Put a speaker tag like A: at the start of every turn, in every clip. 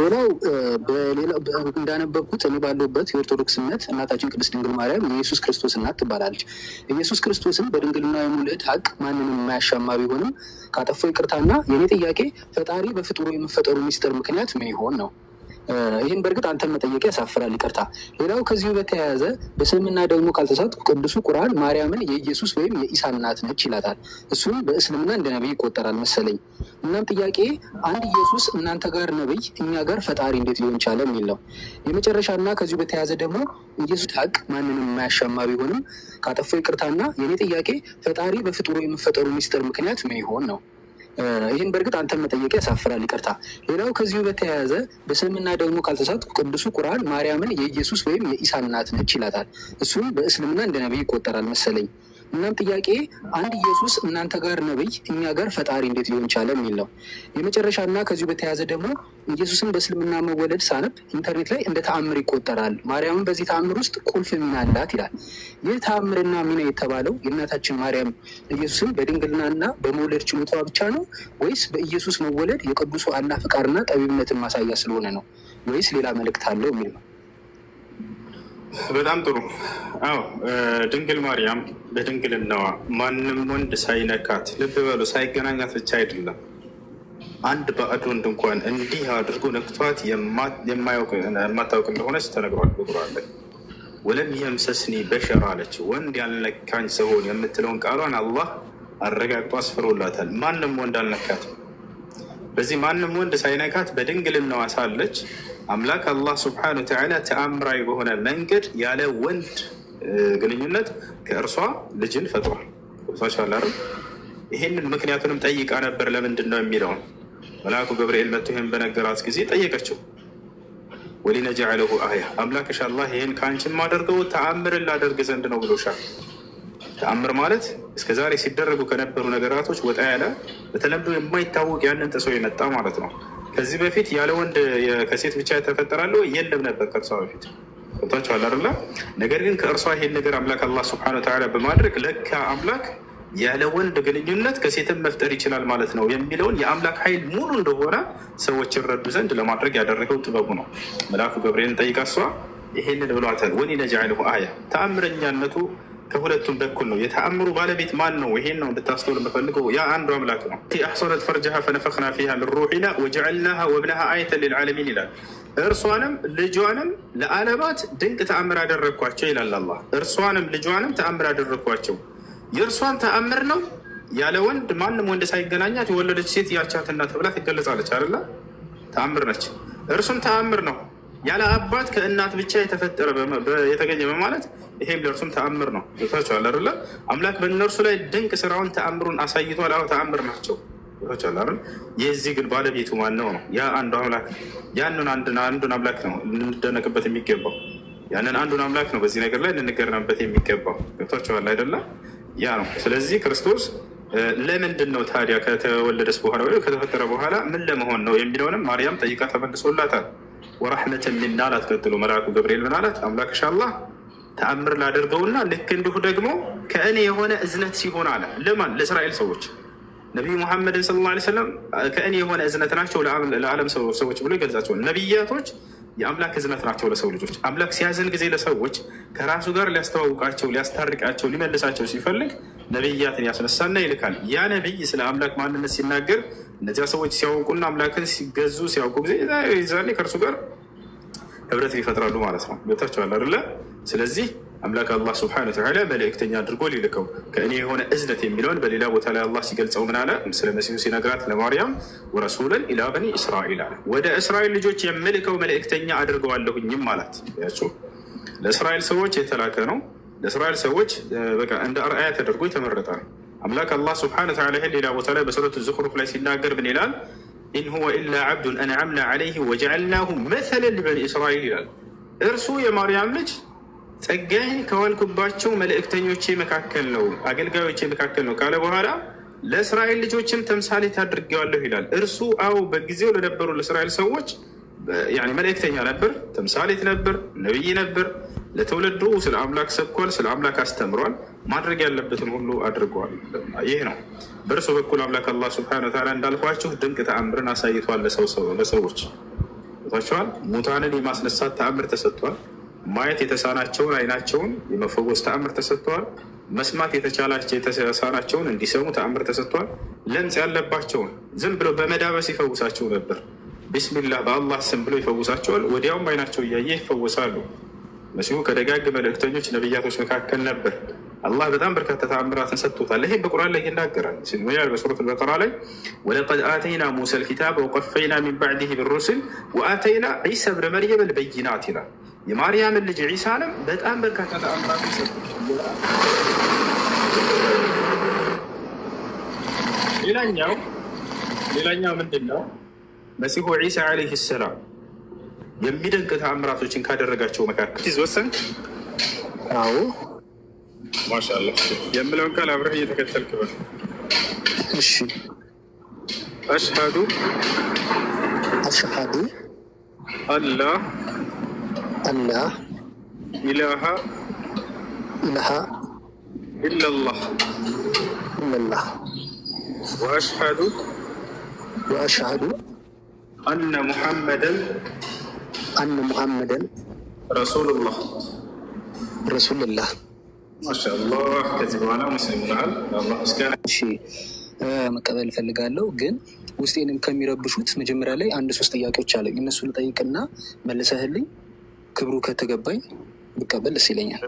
A: ሌላው እንዳነበብኩት እኔ ባለሁበት የኦርቶዶክስ እምነት እናታችን ቅድስት ድንግል ማርያም የኢየሱስ ክርስቶስ እናት ትባላለች። ኢየሱስ ክርስቶስን በድንግልና የመውለድ ሀቅ ማንንም የማያሻማ ቢሆንም ካጠፋው ይቅርታና የእኔ ጥያቄ ፈጣሪ በፍጡሩ የመፈጠሩ ሚስጥር ምክንያት ምን ይሆን ነው? ይህን በእርግጥ አንተ መጠየቅ ያሳፍራል፣ ይቅርታ። ሌላው ከዚሁ በተያያዘ በእስልምና ደግሞ ካልተሳትኩ ቅዱሱ ቁርአን ማርያምን የኢየሱስ ወይም የኢሳ እናት ነች ይላታል። እሱም በእስልምና እንደ ነቢይ ይቆጠራል መሰለኝ። እናም ጥያቄ አንድ ኢየሱስ እናንተ ጋር ነቢይ፣ እኛ ጋር ፈጣሪ እንዴት ሊሆን ቻለ የሚል ነው። የመጨረሻና ከዚሁ በተያያዘ ደግሞ ኢየሱስ ሀቅ ማንንም የማያሻማ ቢሆንም ካጠፋው ይቅርታና የኔ ጥያቄ ፈጣሪ በፍጡሩ የመፈጠሩ ሚስጥር ምክንያት ምን ይሆን ነው? ይህን በእርግጥ አንተ መጠየቅ ያሳፍራል። ይቅርታ። ሌላው ከዚሁ በተያያዘ በእስልምና ደግሞ ካልተሳትኩ ቅዱሱ ቁርአን ማርያምን የኢየሱስ ወይም የኢሳ እናት ነች ይላታል። እሱም በእስልምና እንደ ነቢይ ይቆጠራል መሰለኝ። እናም ጥያቄ አንድ ኢየሱስ እናንተ ጋር ነብይ፣ እኛ ጋር ፈጣሪ እንዴት ሊሆን ቻለ የሚል ነው። የመጨረሻ እና ከዚሁ በተያያዘ ደግሞ ኢየሱስን በእስልምና መወለድ ሳነብ ኢንተርኔት ላይ እንደ ተአምር ይቆጠራል። ማርያምን በዚህ ተአምር ውስጥ ቁልፍ ሚና አላት ይላል። ይህ ተአምርና ሚና የተባለው የእናታችን ማርያም ኢየሱስን በድንግልናና በመውለድ ችሎቷ ብቻ ነው ወይስ በኢየሱስ መወለድ የቅዱሱ አላህ ፍቃድና ጠቢብነትን ማሳያ ስለሆነ ነው ወይስ ሌላ መልእክት አለው የሚል ነው።
B: በጣም ጥሩ። አዎ ድንግል ማርያም በድንግልናዋ ማንም ወንድ ሳይነካት፣ ልብ በሉ ሳይገናኛት ብቻ አይደለም አንድ ባዕድ ወንድ እንኳን እንዲህ አድርጎ ነክቷት የማታውቅ እንደሆነች ተነግሯል። ብጉራለ ወለም የምሰስኒ በሸር አለች። ወንድ ያልነካኝ ስሆን የምትለውን ቃሏን አላህ አረጋግጦ አስፍሮላታል። ማንም ወንድ አልነካትም። በዚህ ማንም ወንድ ሳይነካት በድንግልናዋ ሳለች አምላክ አላህ ስብሐነሁ ወተዓላ ተአምራዊ በሆነ መንገድ ያለ ወንድ ግንኙነት ከእርሷ ልጅን ፈጥሯል። ይህንን ምክንያቱንም ጠይቃ ነበር ለምንድን ነው የሚለውን መልአኩ ገብርኤል መጥቶ ይህን በነገራት ጊዜ ጠየቀችው። ወሊነጃለሁ አያ አምላክሽ አላህ ይህን ከአንቺም አደርገው ተአምር ላደርግ ዘንድ ነው ብሎሻል። ተአምር ማለት እስከዛሬ ሲደረጉ ከነበሩ ነገራቶች ወጣ ያለ በተለምዶ የማይታወቅ ያንን ጥሶ የመጣ ማለት ነው። ከዚህ በፊት ያለ ወንድ ከሴት ብቻ የተፈጠራሉ የለም ነበር ከእርሷ በፊት ገብታችኋል አይደለ? ነገር ግን ከእርሷ ይሄን ነገር አምላክ አላህ ስብሐነ ወተዓላ በማድረግ ለካ አምላክ ያለ ወንድ ግንኙነት ከሴትም መፍጠር ይችላል ማለት ነው የሚለውን የአምላክ ኃይል ሙሉ እንደሆነ ሰዎች ይረዱ ዘንድ ለማድረግ ያደረገው ጥበቡ ነው። መልአኩ ገብርኤልን ጠይቃ እሷ ይሄንን ብሏታል። ወኒ ነጃዕልሁ አያ ተአምረኛነቱ ከሁለቱም በኩል ነው። የተአምሩ ባለቤት ማን ነው? ይሄን ነው እንድታስተውል የምፈልገው። ያ አንዱ አምላክ ነው። እቲ አሕሰነት ፈርጅሃ ፈነፈኽና ፊሃ ምን ሩሒና ወጀዐልናሃ ወብነሃ አየተን ልልዓለሚን ይላል። እርሷንም ልጇንም ለዓለማት ድንቅ ተአምር አደረግኳቸው ይላል አላህ። እርሷንም ልጇንም ተአምር አደረግኳቸው። የእርሷን ተአምር ነው ያለ ወንድ ማንም ወንድ ሳይገናኛት የወለደች ሴት ያቻትና ተብላ ትገለጻለች። አለ ተአምር ነች። እርሱም ተአምር ነው ያለ አባት ከእናት ብቻ የተፈጠረ የተገኘ በማለት ይሄም ለእርሱም ተአምር ነው። ታቸዋል አለ አምላክ በእነርሱ ላይ ድንቅ ስራውን ተአምሩን አሳይቷል። አሁ ተአምር ናቸው። ታቸዋል አ የዚህ ግን ባለቤቱ ማነው ነው? ያ አንዱ አምላክ ያንን አንዱን አምላክ ነው ልንደነቅበት የሚገባው ያንን አንዱን አምላክ ነው በዚህ ነገር ላይ ልንገረምበት የሚገባው ገብቷቸዋል አይደለም? ያ ነው። ስለዚህ ክርስቶስ ለምንድን ነው ታዲያ ከተወለደስ በኋላ ወይ ከተፈጠረ በኋላ ምን ለመሆን ነው የሚለውንም ማርያም ጠይቃ ተመልሶላታል። ወራሕመተን ሚና አላት። ቀጥሎ መልአኩ ገብርኤል ምን አላት? አምላክሽ አላህ ተአምር ላደርገውና ልክ እንዲሁ ደግሞ ከእኔ የሆነ እዝነት ሲሆን አለ። ለማን? ለእስራኤል ሰዎች ነቢይ ሙሐመድን ሰለላሁ ላ ሰለም ከእኔ የሆነ እዝነት ናቸው ለዓለም ሰዎች ብሎ ይገልጻቸዋል። ነቢያቶች የአምላክ እዝነት ናቸው ለሰው ልጆች። አምላክ ሲያዝን ጊዜ ለሰዎች ከራሱ ጋር ሊያስተዋውቃቸው፣ ሊያስታርቃቸው፣ ሊመልሳቸው ሲፈልግ ነቢያትን ያስነሳና ይልካል። ያ ነቢይ ስለ አምላክ ማንነት ሲናገር እነዚያ ሰዎች ሲያውቁና አምላክን ሲገዙ ሲያውቁ ጊዜ ዛኔ ከእርሱ ጋር ህብረት ይፈጥራሉ ማለት ነው። ገብታችኋል አይደለ? ስለዚህ አምላክ አላህ ስብሐነ ወተዓላ መልእክተኛ አድርጎ ሊልከው ከእኔ የሆነ እዝነት የሚለውን በሌላ ቦታ ላይ አላህ ሲገልጸው ምን አለ? ስለ መሲሁ ሲነግራት ለማርያም ወረሱለን ኢላ በኒ እስራኤል አለ። ወደ እስራኤል ልጆች የምልከው መልእክተኛ አድርገዋለሁኝም አላት። ያቸው ለእስራኤል ሰዎች የተላከ ነው። ለእስራኤል ሰዎች በቃ እንደ አርአያ ተደርጎ የተመረጠ ነው። አምላክ አላህ ስብሐነሁ ወተዓላ ይህን ሌላ ቦታ ላይ በሱረቱ ዙኽሩፍ ላይ ሲናገር ምን ይላል? ኢን ሁወ ኢላ ዓብዱን አንዓምና ዓለይህ ወጀዐልናሁ መሰለን ሊበኒ እስራኤል ይላል። እርሱ የማርያም ልጅ ጸጋዬን ከዋልኩባቸው መልእክተኞቼ መካከል ነው፣ አገልጋዮቼ መካከል ነው ካለ በኋላ ለእስራኤል ልጆችም ተምሳሌት አድርጌዋለሁ ይላል። እርሱ አዎ በጊዜው ለነበሩ ለእስራኤል ሰዎች መልእክተኛ ነበር፣ ተምሳሌት ነበር፣ ነብይ ነበር። ለትውልዱ ስለ አምላክ ሰብኳል፣ ስለ አምላክ አስተምሯል። ማድረግ ያለበትን ሁሉ አድርገዋል። ይህ ነው በእርሱ በኩል አምላክ አላህ ሱብሓነሁ ወተዓላ እንዳልኳችሁ ድንቅ ተአምርን አሳይቷል። ለሰዎች ቸዋል ሙታንን የማስነሳት ተአምር ተሰጥቷል። ማየት የተሳናቸውን አይናቸውን የመፈወስ ተአምር ተሰጥተዋል። መስማት የተቻላቸው የተሳናቸውን እንዲሰሙ ተአምር ተሰጥቷል። ለምጽ ያለባቸውን ዝም ብሎ በመዳበስ ይፈውሳቸው ነበር። ቢስሚላህ በአላህ ስም ብሎ ይፈውሳቸዋል። ወዲያውም አይናቸው እያየ ይፈወሳሉ። መሲሁ ከደጋግ መልእክተኞች ነቢያቶች መካከል ነበር። አላህ በጣም በርካታ ተአምራትን ሰጥቶታል። ይሄ በቁርአን ላይ ይናገራል። ሲል በሱረት በቀራ ላይ ወለቀድ አተይና ሙሳ ልኪታብ ወቀፈይና ሚን ባዕድህ ብሩስል ወአተይና ዒሳ ብነ መርየም ልበይናት ይላል። የማርያምን ልጅ ዒሳንም በጣም በርካታ ተአምራትን ሰጥቶታል። ሌላኛው ሌላኛው ምንድን ነው መሲሁ ዒሳ ዓለይህ ሰላም የሚደንቅ ተአምራቶችን ካደረጋቸው መካከል ወሰን አዎ ማሻላ የምለውን ቃል አብረህ እየተከተልክ በል። እሺ አሽሃዱ አሽሃዱ አላ አላ ኢላሃ ኢላሃ ኢላላህ ኢላላህ ወአሽሃዱ ወአሽሃዱ አነ ሙሐመደን አነ ሙሐመደን ረሱሉላህ ረሱልላህ ማሻአላህ። ከዚህ በኋላ ሙስሊም ሆነሃል። መቀበል እፈልጋለሁ ግን ውስጤንም ከሚረብሹት መጀመሪያ ላይ አንድ ሶስት ጥያቄዎች አለ። እነሱ ልጠይቅና መልሰህልኝ ክብሩ ከተገባኝ ብቀበል ደስ ይለኛል።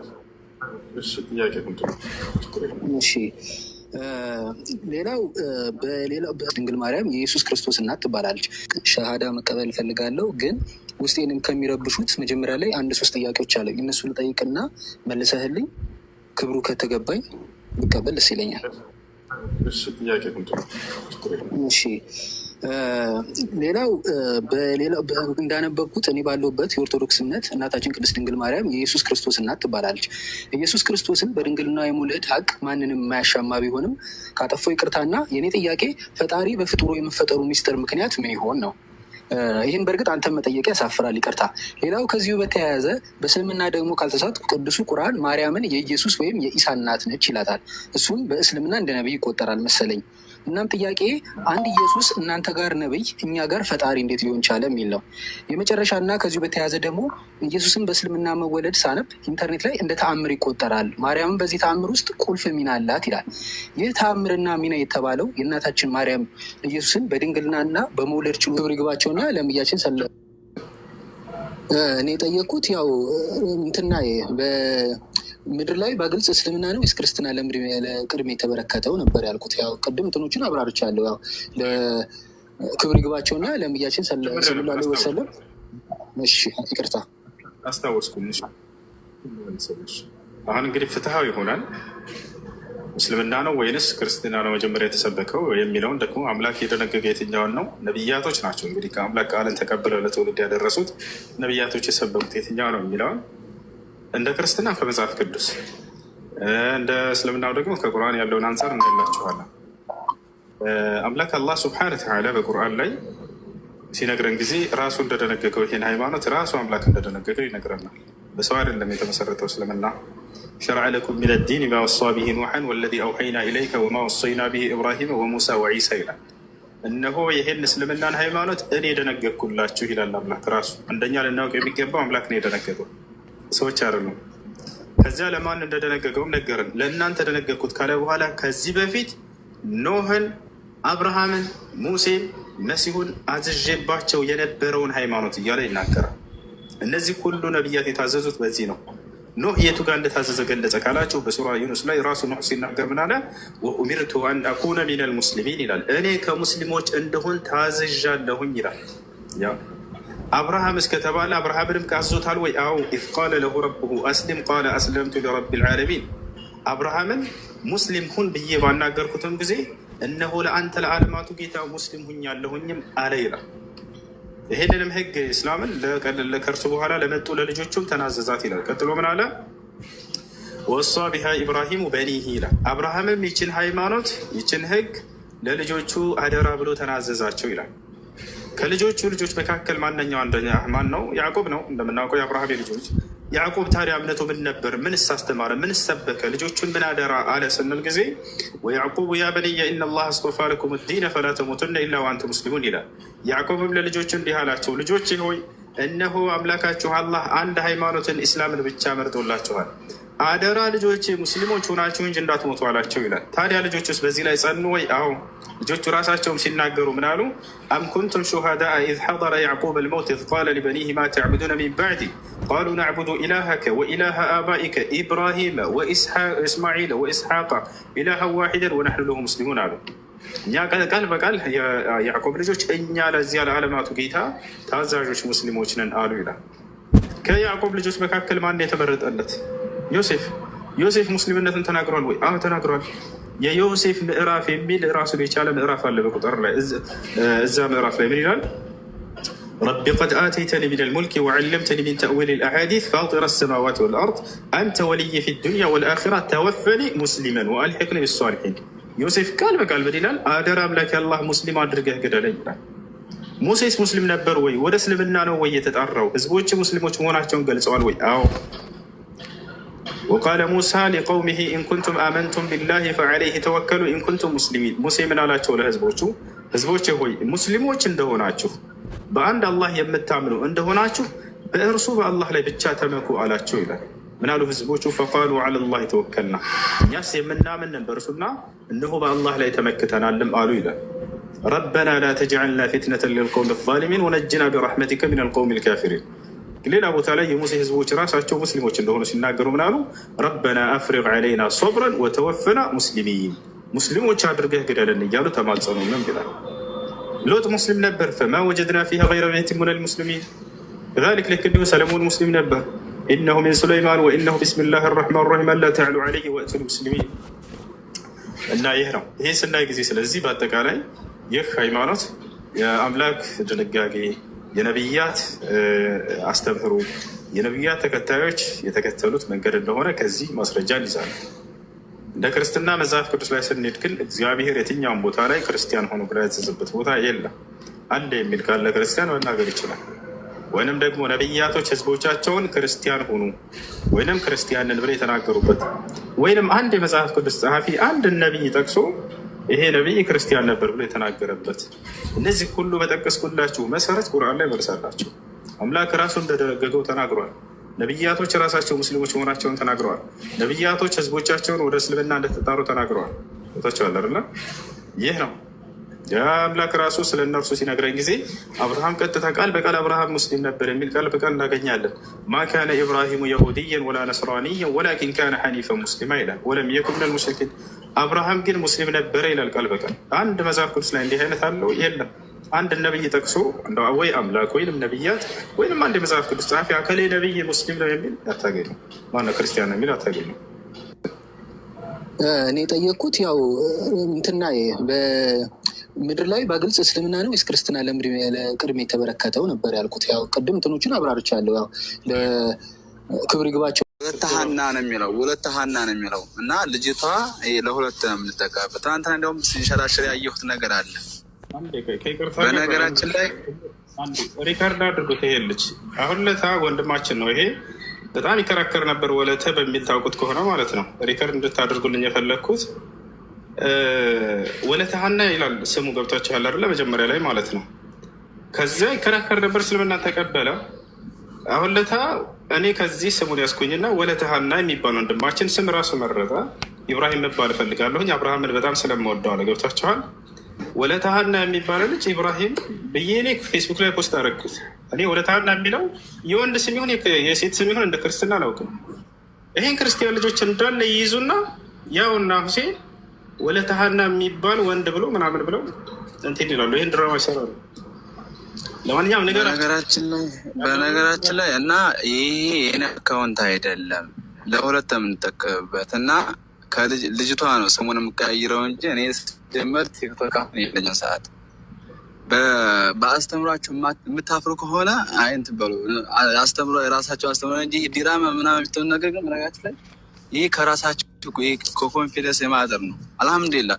B: እሺ። ሌላው በሌላው ድንግል ማርያም የኢየሱስ ክርስቶስ እናት ትባላለች። ሸሃዳ መቀበል እፈልጋለሁ ግን ውስጤንም ከሚረብሹት መጀመሪያ ላይ አንድ ሶስት ጥያቄዎች አለ እነሱ ልጠይቅና መልሰህልኝ ክብሩ ከተገባኝ ብቀበል ደስ ይለኛል። እሺ። ሌላው እንዳነበብኩት እኔ ባለሁበት የኦርቶዶክስ እምነት እናታችን ቅድስት ድንግል ማርያም የኢየሱስ ክርስቶስ እናት ትባላለች። ኢየሱስ ክርስቶስን በድንግልና የመውለድ ሀቅ ማንንም የማያሻማ ቢሆንም ካጠፋው ይቅርታና፣ የእኔ ጥያቄ ፈጣሪ በፍጡሩ የመፈጠሩ ሚስጥር ምክንያት ምን ይሆን ነው? ይህን በእርግጥ አንተ መጠየቅ ያሳፍራል። ይቅርታ። ሌላው ከዚሁ በተያያዘ በእስልምና ደግሞ ካልተሳት ቅዱሱ ቁርአን ማርያምን የኢየሱስ ወይም የኢሳ እናት ነች ይላታል። እሱም በእስልምና እንደ ነቢይ ይቆጠራል መሰለኝ። እናም ጥያቄ አንድ ኢየሱስ እናንተ ጋር ነብይ፣ እኛ ጋር ፈጣሪ እንዴት ሊሆን ቻለ የሚል ነው። የመጨረሻ እና ከዚሁ በተያያዘ ደግሞ ኢየሱስን በእስልምና መወለድ ሳነብ ኢንተርኔት ላይ እንደ ተአምር ይቆጠራል፣ ማርያምን በዚህ ተአምር ውስጥ ቁልፍ ሚና አላት ይላል። ይህ ተአምርና ሚና የተባለው የእናታችን ማርያም ኢየሱስን በድንግልናና በመውለድ ችሎ ሪግባቸውና ለምያችን ሰለ እኔ የጠየቅኩት ያው እንትና ምድር ላይ በግልጽ እስልምና ነው ወይስ ክርስትና ለቅድሜ የተበረከተው ነበር ያልኩት። ያው ቅድም እንትኖችን አብራርቻለሁ። ያው ለክብር ይግባቸውና ለነቢያችን ሰለላሁ ዐለይሂ ወሰለም። እሺ ይቅርታ አስታወስኩም። አሁን እንግዲህ ፍትሃዊ ይሆናል እስልምና ነው ወይንስ ክርስትና ነው መጀመሪያ የተሰበከው የሚለውን ደግሞ አምላክ የደነገገ የትኛውን ነው? ነብያቶች ናቸው እንግዲህ ከአምላክ ቃልን ተቀብለው ለትውልድ ያደረሱት ነብያቶች የሰበኩት የትኛው ነው የሚለውን እንደ ክርስትና ከመጽሐፍ ቅዱስ እንደ እስልምናው ደግሞ ከቁርአን ያለውን አንጻር እናላችኋለን። አምላክ አላህ ስብሐነ ተዓላ በቁርአን ላይ ሲነግረን ጊዜ ራሱ እንደደነገገው ይሄን ሃይማኖት ራሱ አምላክ እንደደነገገው ይነግረናል። በሰው አይደለም የተመሰረተው እስልምና። ሸርዐ ለኩም ሚነ ዲን ማ ወሳ ቢሂ ኑሐን ወለዚ አውሐይና ኢለይከ ወማ ወሰይና ቢሂ ኢብራሂመ ወሙሳ ወዒሳ ይላል። እነሆ ይሄን እስልምናን ሃይማኖት እኔ የደነገግኩላችሁ ይላል አምላክ ራሱ። አንደኛ ልናውቅ የሚገባው አምላክ ነው የደነገገው ሰዎች አይደሉም። ከዚያ ለማን እንደደነገገውም ነገርን ለእናንተ ደነገግኩት ካለ በኋላ ከዚህ በፊት ኖህን፣ አብርሃምን፣ ሙሴን፣ መሲሁን አዝዤባቸው የነበረውን ሃይማኖት እያለ ይናገራል። እነዚህ ሁሉ ነቢያት የታዘዙት በዚህ ነው። ኖህ የቱ ጋር እንደታዘዘ ገለጸ ካላቸው በሱራ ዩኑስ ላይ ራሱ ኖህ ሲናገር ምን አለ? ወኡሚርቱ አን አኩነ ሚነል ሙስሊሚን ይላል። እኔ ከሙስሊሞች እንደሆን ታዝዣለሁኝ ይላል። አብርሃም እስከተባለ አብርሃምንም ካዞታል ወይ? አዎ ኢዝ ቃለ ለሁ ረብሁ አስሊም ቃለ አስለምቱ ሊረቢ ልዓለሚን። አብርሃምን ሙስሊም ሁን ብዬ ባናገርኩትም ጊዜ እነሆ ለአንተ ለዓለማቱ ጌታ ሙስሊም ሁኛለሁኝም አለ ይላል። ይሄንንም ህግ እስላምን ከእርሱ በኋላ ለመጡ ለልጆቹም ተናዘዛት ይላል። ቀጥሎ ምን አለ? ወሷ ቢሃ ኢብራሂሙ በኒህ ይላል። አብርሃምም ይችን ሃይማኖት ይችን ህግ ለልጆቹ አደራ ብሎ ተናዘዛቸው ይላል። ከልጆቹ ልጆች መካከል ማነኛው አንደኛ ማን ነው? ያዕቆብ ነው። እንደምናውቀው የአብርሃም ልጆች ያዕቆብ ታዲያ እምነቱ ምን ነበር? ምን ሳስተማረ? ምን ሰበከ? ልጆቹን ምን አደራ አለ ስንል ጊዜ ወያዕቁቡ ያ በንየ እና ላ አስጦፋ ለኩም ዲነ ፈላ ኢላ ወአንቱም ሙስሊሙን ይላል። ያዕቆብም ለልጆቹ እንዲህ አላቸው፣ ልጆች ሆይ እነሆ አምላካችሁ አላህ አንድ ሃይማኖትን ኢስላምን ብቻ መርጦላችኋል። አደራ ልጆች ሙስሊሞች ሆናችሁ እንጂ እንዳትሞቱ አላቸው ይላል። ታዲያ ልጆቹስ በዚህ ላይ ጸኑ ወይ? አዎ ልጆቹ ራሳቸውም ሲናገሩ ምናሉ? አም ኩንቱም ሹሃዳ ኢዝ ሐደረ ያዕቁብ አልመውት ኢዝ ቃለ ሊበኒህ ማ ተዕቡዱነ ሚን ባዕዲ ቃሉ ናዕቡዱ ኢላሃከ ወኢላሀ አባኢከ ኢብራሂመ ወእስማዒለ ወእስሓቃ ኢላሃ ዋሒደን ወናሕኑ ለሁ ሙስሊሙን አሉ። እኛ ቃል በቃል ያዕቆብ ልጆች እኛ ለዚያ ለዓለማቱ ጌታ ታዛዦች ሙስሊሞች ነን አሉ ይላል። ከያዕቆብ ልጆች መካከል ማን የተመረጠለት? ዮሴፍ ዮሴፍ ሙስሊምነትን ተናግሯል ወይ? አዎ ተናግሯል። የዮሴፍ ምዕራፍ የሚል ራሱን የቻለ ምዕራፍ አለ። በቁጥር ላይ እዛ ምዕራፍ ላይ ምን ይላል? ረቢ ቀድ አተይተኒ ሚነል ሙልኪ ወዓለምተኒ ሚን ተእዊል አልአሓዲስ ፋጢረ ሰማዋት ወልአርድ አንተ ወልይ ፊ ዱንያ ወልአኺራ ተወፈኒ ሙስሊመን ወአልሕቅኒ ብሷልሒን። ዮሴፍ ቃል በቃል ምን ይላል? አደራ አምላክ አላህ ሙስሊም አድርገህ ግደለኝ ይላል። ሙሴስ ሙስሊም ነበር ወይ? ወደ እስልምና ነው ወይ የተጣራው? ህዝቦች ሙስሊሞች መሆናቸውን ገልጸዋል ወይ? አዎ ወቃለ ሙሳ ሊቀውሚሂ ኢንኩንቱም አመንቱም ቢላሂ ፈዐለይሂ ተወከሉ ኢንኩንቱም ሙስሊሚን። ሙሴ ምን አላቸው ለህዝቦቹ? ህዝቦች ሆይ ሙስሊሞች እንደሆናችሁ በአንድ አላህ የምታምኑ እንደሆናችሁ በእርሱ በአላህ ላይ ብቻ ተመኩ አላቸው ይላል። ምናሉ ህዝቦቹ? ፈቃሉ ዐለላህ ተወከልና እኛስ የምናምን በእርሱና እነሆ በአላህ ላይ ተመክተናልም አሉ ይላል። ረበና ላ ተጅዐልና ፊትነተን ሊልቀውሚ ዛሊሚን ወነጅና ቢረሕመቲከ ሚነል ቀውሚል ካፊሪን ሌላ ቦታ ላይ የሙሴ ህዝቦች ራሳቸው ሙስሊሞች እንደሆኑ ሲናገሩ ምናሉ ረበና አፍሪቅ ዐለይና ሶብረን ወተወፈና ሙስሊሚን ሙስሊሞች አድርገህ ግደለን እያሉ ተማጸኑ። ምን ይላል? ሎጥ ሙስሊም ነበር። ፈማ ወጀድና ፊሃ ገይረ ቤቲን ሚነል ሙስሊሚን ከዛሊክ ልክ እንዲሁ ሰለሞን ሙስሊም ነበር። ኢነሁ ሚን ሱለይማን ወኢነሁ ቢስሚላሂ ረሕማን ረሒም አላ ተዕሉ ዐለይሂ ወእቱኒ ሙስሊሚን እና ይህ ነው ይሄ ስናይ ጊዜ ስለዚህ በአጠቃላይ ይህ ሃይማኖት የአምላክ ድንጋጌ የነቢያት አስተምህሮ የነቢያት ተከታዮች የተከተሉት መንገድ እንደሆነ ከዚህ ማስረጃ እንይዛለን። እንደ ክርስትና መጽሐፍ ቅዱስ ላይ ስንሄድ ግን እግዚአብሔር የትኛውን ቦታ ላይ ክርስቲያን ሆኖ ብላ ያዘዘበት ቦታ የለም። አለ የሚል ካለ ክርስቲያን መናገር ይችላል። ወይንም ደግሞ ነቢያቶች ህዝቦቻቸውን ክርስቲያን ሆኑ ወይንም ክርስቲያንን ብለው የተናገሩበት ወይንም አንድ የመጽሐፍ ቅዱስ ጸሐፊ አንድ ነቢይ ጠቅሶ ይሄ ነቢይ ክርስቲያን ነበር ብሎ የተናገረበት እነዚህ ሁሉ በጠቀስኩላችሁ መሰረት ቁርአን ላይ መርሳላቸው አምላክ ራሱ እንደደነገገው ተናግሯል። ነብያቶች ራሳቸው ሙስሊሞች መሆናቸውን ተናግረዋል። ነብያቶች ህዝቦቻቸውን ወደ እስልምና እንደተጣሩ ተናግረዋል። ቦታቸው አለ። ይህ ነው የአምላክ ራሱ ስለ እነርሱ ሲነግረን ጊዜ አብርሃም ቀጥታ ቃል በቃል አብርሃም ሙስሊም ነበር የሚል ቃል በቃል እናገኛለን። ማ ካነ ኢብራሂሙ የሁድየን ወላ ነስራንየን ወላኪን ካነ ሐኒፈ ሙስሊማ ይላል። ወለም የኩምነ ልሙሽሪኪን አብርሃም ግን ሙስሊም ነበረ ይላል ቃል በቃል። አንድ መጽሐፍ ቅዱስ ላይ እንዲህ አይነት አለው የለም። አንድ ነብይ ጠቅሶ ወይ አምላክ ወይም ነብያት ወይም አንድ የመጽሐፍ ቅዱስ ጸሐፊ አከሌ ነብይ ሙስሊም ነው የሚል አታገኙ። ማነው ክርስቲያን ነው የሚል አታገኙ። እኔ የጠየቅኩት ያው እንትና ምድር ላይ በግልጽ እስልምና ነው ወይስ ክርስትና ለቅድሜ የተበረከተው ነበር ያልኩት። ያው ቅድም እንትኖችን አብራርቻለሁ። ያው ለክብር ይግባቸው ሁለት ሀና ነው የሚለው ሁለት ሀና ነው የሚለው እና ልጅቷ ለሁለት ነው የምንጠቀምበት። ትናንትና እንዲያውም ሲንሸራሸር ያየሁት ነገር አለ። በነገራችን ላይ ሪከርድ አድርጎት ይሄ ልጅ አሁን ለታ ወንድማችን ነው ይሄ በጣም ይከራከር ነበር ወለተ በሚል ታውቁት ከሆነ ማለት ነው ሪከርድ እንድታደርጉልኝ የፈለግኩት ወለተሃና ይላል ስሙ ያለ አይደለ? መጀመሪያ ላይ ማለት ነው። ከዚያ ይከራከር ነበር፣ እስልምና ተቀበለ። አሁን ለታ እኔ ከዚህ ስሙን ያስኩኝና ወለተሃና የሚባል ወንድማችን ስም ራሱ መረጠ። ኢብራሂም መባል እፈልጋለሁኝ አብርሃምን በጣም ስለምወደው አለ። ገብቷችኋል? ወለተሃና የሚባለ ልጅ ኢብራሂም ብዬ እኔ ፌስቡክ ላይ ፖስት አደረግኩት። እኔ ወለተሃና የሚለው የወንድ ስም ይሁን የሴት ስም ይሁን እንደ ክርስትና አላውቅም። ይህን ክርስቲያን ልጆች እንዳለ ይይዙና ያውና ሁሴን ወለተሀና የሚባል ወንድ ብሎ ምናምን ብለው እንትን ይላሉ። ይህን ድራማ ይሰራሉ። ለማንኛውም ነገራችን ላይ በነገራችን ላይ እና ይሄ የኔ አካውንት አይደለም ለሁለት የምንጠቀምበት እና ልጅቷ ነው ስሙን የምቀያይረው እንጂ እኔ ስጀመር ቲክቶክ አሁን የለኝም። ሰዓት በአስተምሯችሁ የምታፍሩ ከሆነ አይንት በሉ አስተምሮ የራሳቸው አስተምሮ እንጂ ዲራማ ምናምን የሚትሆን ነገር ግን በነገራችን ላይ ይህ ከራሳቸው ጠብቁ። ከኮንፊደንስ የማህደር ነው። አልሐምዱሊላ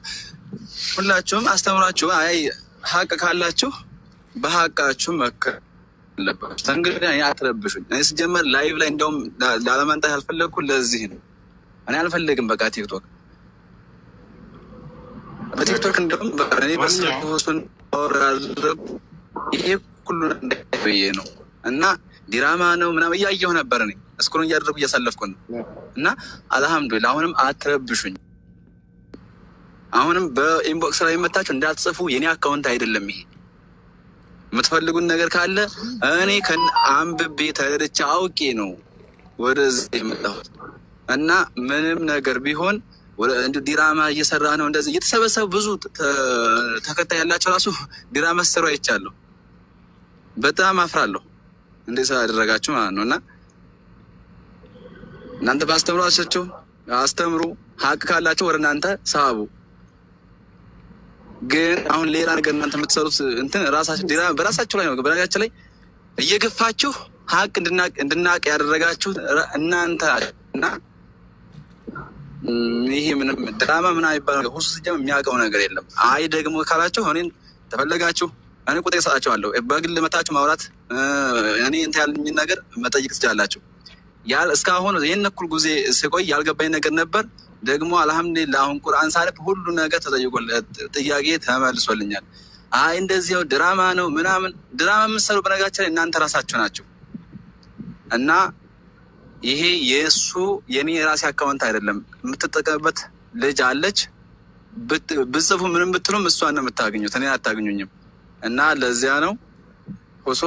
B: ሁላችሁም አስተምራችሁ አይ ሀቅ ካላችሁ በሀቃችሁ መከር አለባችሁ። እንግዲህ እኔ አትረብሹኝ። እኔ ስጀመር ላይቭ ላይ እንደውም ላለመንጣት ያልፈለግኩ ለዚህ ነው። እኔ አልፈልግም በቃ ቲክቶክ በቲክቶክ እንደውም እኔ በስሱን ወራረብ ይሄ ሁሉ ነው እና ዲራማ ነው ምናምን እያየሁ ነበር እኔ እስኩሩን እያደረጉ እያሳለፍኩ ነው እና አልሐምዱሊላህ። አሁንም አትረብሹኝ። አሁንም በኢንቦክስ ላይ የመታችሁ እንዳትጽፉ። የኔ አካውንት አይደለም ይሄ። የምትፈልጉን ነገር ካለ እኔ ከአንብቤ ተረድቼ አውቄ ነው ወደዚህ የመጣሁት እና ምንም ነገር ቢሆን ዲራማ እየሰራ ነው እንደዚህ እየተሰበሰቡ ብዙ ተከታይ ያላቸው ራሱ ዲራማ ሰሩ አይቻለሁ። በጣም አፍራለሁ እንደዛ ያደረጋችሁ ማለት ነው እና እናንተ በአስተምሮ አሻቸው አስተምሩ። ሀቅ ካላቸው ወደ እናንተ ሳቡ። ግን አሁን ሌላ ነገር እናንተ የምትሰሩት እንትን በራሳቸው ላይ ነው። በነገራችን ላይ እየገፋችሁ ሀቅ እንድናቅ ያደረጋችሁ እናንተ እና ይሄ ምንም ድራማ ምን አይባል ሁሱ ስጀም የሚያውቀው ነገር የለም። አይ ደግሞ ካላችሁ እኔን ተፈለጋችሁ እኔ ቁጥር ሰጣችኋለሁ። በግል መታችሁ ማውራት እኔ እንትን ያለኝን ነገር መጠይቅ ትችላላችሁ። እስካሁን ይህን እኩል ጊዜ ስቆይ ያልገባኝ ነገር ነበር። ደግሞ አልሐምዱሊላህ አሁን ቁርአን ሳልፍ ሁሉ ነገር ተጠይቆል፣ ጥያቄ ተመልሶልኛል። አይ እንደዚህ ድራማ ነው ምናምን ድራማ የምትሰሩ በነገራችን ላይ እናንተ ራሳችሁ ናቸው እና ይሄ የእሱ የኔ የራሴ አካውንት አይደለም። የምትጠቀምበት ልጅ አለች። ብጽፉ ምንም ብትሉም እሷን ነው የምታገኙት፣ እኔን አታገኙኝም። እና ለዚያ ነው ሁሱ